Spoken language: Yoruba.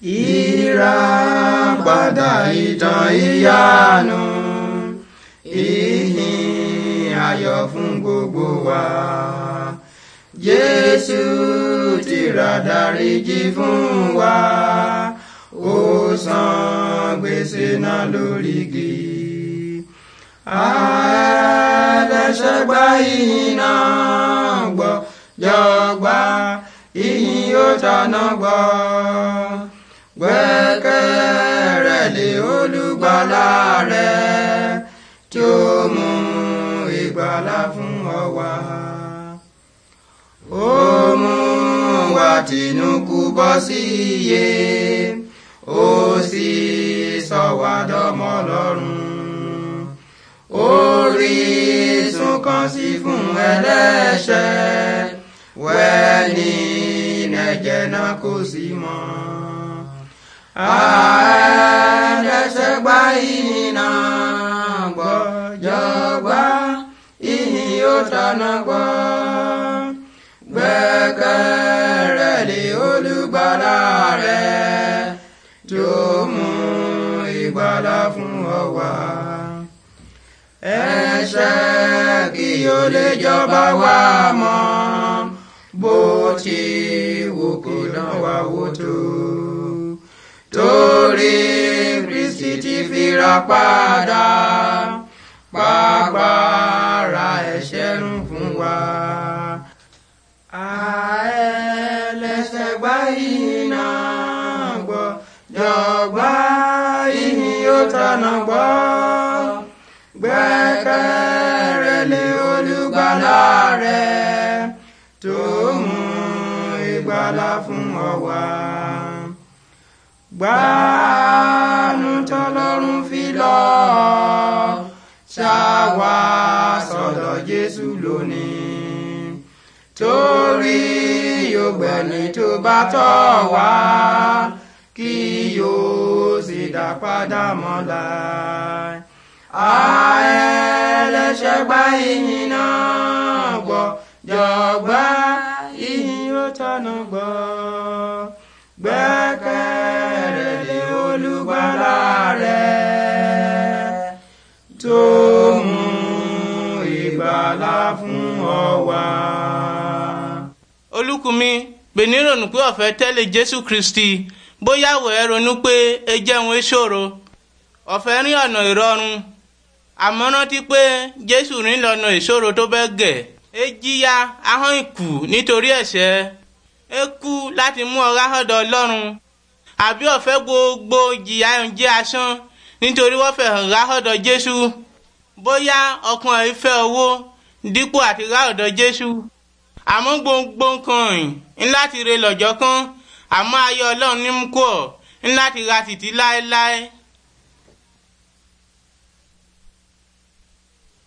ìràpadà ìtàn ìyanu ìyìn ayọ̀ fún gbogbo wa Jésù tìrà dáríjì fún wa ó san gbèsè náà lórí igi ẹlẹ́ṣẹ̀ gba ìyìn náà gbọ́ jọ̀ọ́ gba ìyìn yóò tanná gbọ́ gbẹ́kẹ̀rẹ̀lé olùgbàlà rẹ tí ó mú ìgbàlà fún ọ wá. ó mú wa tìǹkù bọ́ sí iye ó sì sọ wá dọ́mọ lọ́rùn. orísun kan sí fún ẹlẹ́ṣẹ̀ wẹ́ni nẹ̀jẹ̀ náà kò sí mọ́ àádẹ́sẹ̀gbá ìhìnà gbọ́jọ́gbá ìhìn yóò tọ́nà gbọ́. gbẹ́kẹ̀rẹ́ lé olùgbàlà rẹ tí ó mú ìgbàlà fún ọ wá. ẹ̀ṣẹ̀ kí o bó ti wò kó dán wa wò tó. fira padà pàgbára ẹ̀ṣẹ̀ ń fún wa. àẹ́lẹ́sẹ̀ gbá iná gbọ́ jọ̀gbá ìhìn ó tọ̀nà gbọ́ gbẹ́kẹ̀rẹ́ lé olùgbàlà rẹ̀ tó mú ìgbàlà fún ọ wá. gbàá. wá sọ̀dọ̀ Jésù lónìí torí ògbẹ́ni tó bá tọ̀ wá kí yóò sì dá padà mọ́lá. àẹlẹ́ṣẹ̀ gba ìyìn náà gbọ́ jọ̀gbá ìyìn ó tọ̀nà gbọ́. àlá fún ọ wá. olùkùnmi bèní ronú pé ọ̀fẹ́ tẹ́lẹ̀ jésù kristi bóyá wò ẹ́ ronú pé ẹ jẹun ìṣòro ọ̀fẹ́ rìn ọ̀nà ìrọ̀rùn àmọ́ rántí pé jésù rìn lọ́nà ìṣòro tó bẹ́ gẹ̀ ẹ jìyà ahọ́n ìkù nítorí ẹ̀ṣẹ̀ ẹ kú láti mú ọ ráhọ́dọ̀ ọlọ́run àbí ọ̀fẹ́ gbogbo jìyà ń asán nítorí wọ́n fẹ́ hàn ráhọ́dọ̀ jésù bóyá ọkàn ìfẹ́ owó dípò àti rá ọ̀dọ̀ Jésù àmọ́ gbogbo nǹkan ọ̀hìn ńlá ti re lọ́jọ́ kan àmọ́ ayé Ọlọ́run ní mú kú ńlá ti ra títí láéláé.